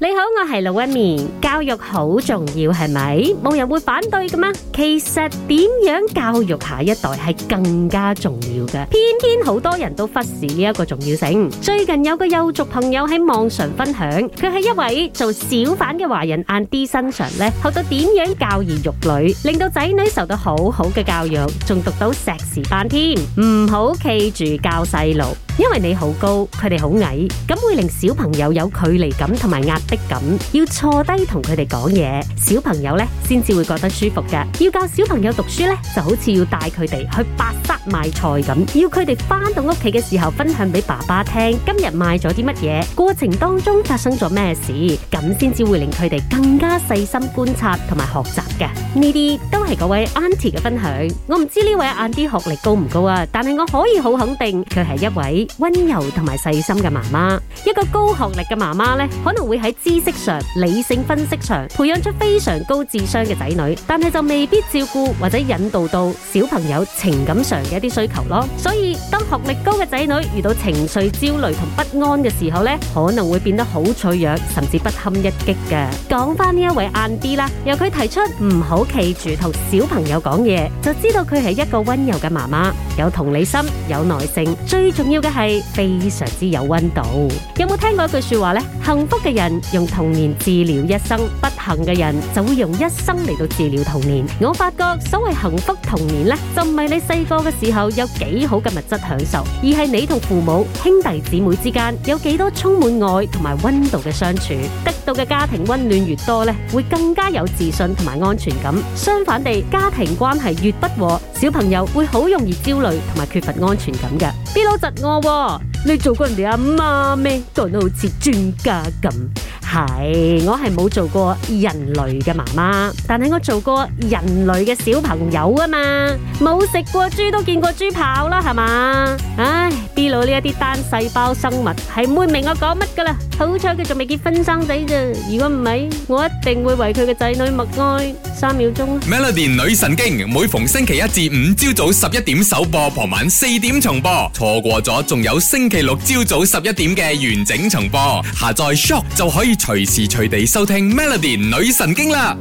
你好，我係龍紋敏。教育好重要係咪？冇人會反對噶嗎？其實點樣教育下一代係更加重要嘅，偏偏好多人都忽視呢一個重要性。最近有個幼族朋友喺網上分享，佢係一位做小販嘅華人阿 D 身上咧，學到點樣教兒育女，令到仔女受到好好嘅教育，仲讀到碩士班添，唔好企住教細路。因為你好高，佢哋好矮，咁會令小朋友有距離感同埋壓迫感，要坐低同佢哋講嘢，小朋友呢先至會覺得舒服嘅。要教小朋友讀書呢，就好似要帶佢哋去百沙買菜咁，要佢哋返到屋企嘅時候分享俾爸爸聽今日買咗啲乜嘢，過程當中發生咗咩事，咁先至會令佢哋更加細心觀察同埋學習嘅。呢啲都係嗰位 auntie 嘅分享，我唔知呢位 auntie 學歷高唔高啊，但係我可以好肯定佢係一位。溫柔同埋細心嘅媽媽，一個高學歷嘅媽媽咧，可能會喺知識上、理性分析上培養出非常高智商嘅仔女，但係就未必照顧或者引導到小朋友情感上嘅一啲需求咯。所以當學歷高嘅仔女遇到情緒焦慮同不安嘅時候咧，可能會變得好脆弱，甚至不堪一擊嘅。講翻呢一位 auntie 啦，由佢提出唔好企住同小朋友講嘢，就知道佢係一個溫柔嘅媽媽，有同理心，有耐性，最重要嘅。係非常之有溫度。有冇聽過一句說話呢？幸福嘅人用童年治療一生，不幸嘅人就會用一生嚟到治療童年。我發覺，所謂幸福童年呢，就唔係你細個嘅時候有幾好嘅物質享受，而係你同父母、兄弟姊妹之間有幾多充滿愛同埋溫度嘅相處。得到嘅家庭溫暖越多呢，會更加有自信同埋安全感。相反地，家庭關係越不和，小朋友會好容易焦慮同埋缺乏安全感嘅。邊佬窒我？你做過人哋阿媽咩？講得好似專家咁。係，我係冇做過人類嘅媽媽，但係我做過人類嘅小朋友啊嘛。冇食過豬都見過豬跑啦，係嘛？唉。到呢一啲單細胞生物係唔會明我講乜噶啦，好彩佢仲未結婚生仔啫。如果唔係我一定會為佢嘅仔女默哀三秒鐘。Melody 女神經每逢星期一至五朝早十一點首播，傍晚四點重播，錯過咗仲有星期六朝早十一點嘅完整重播，下載 shop 就可以隨時隨地收聽 Melody 女神經啦。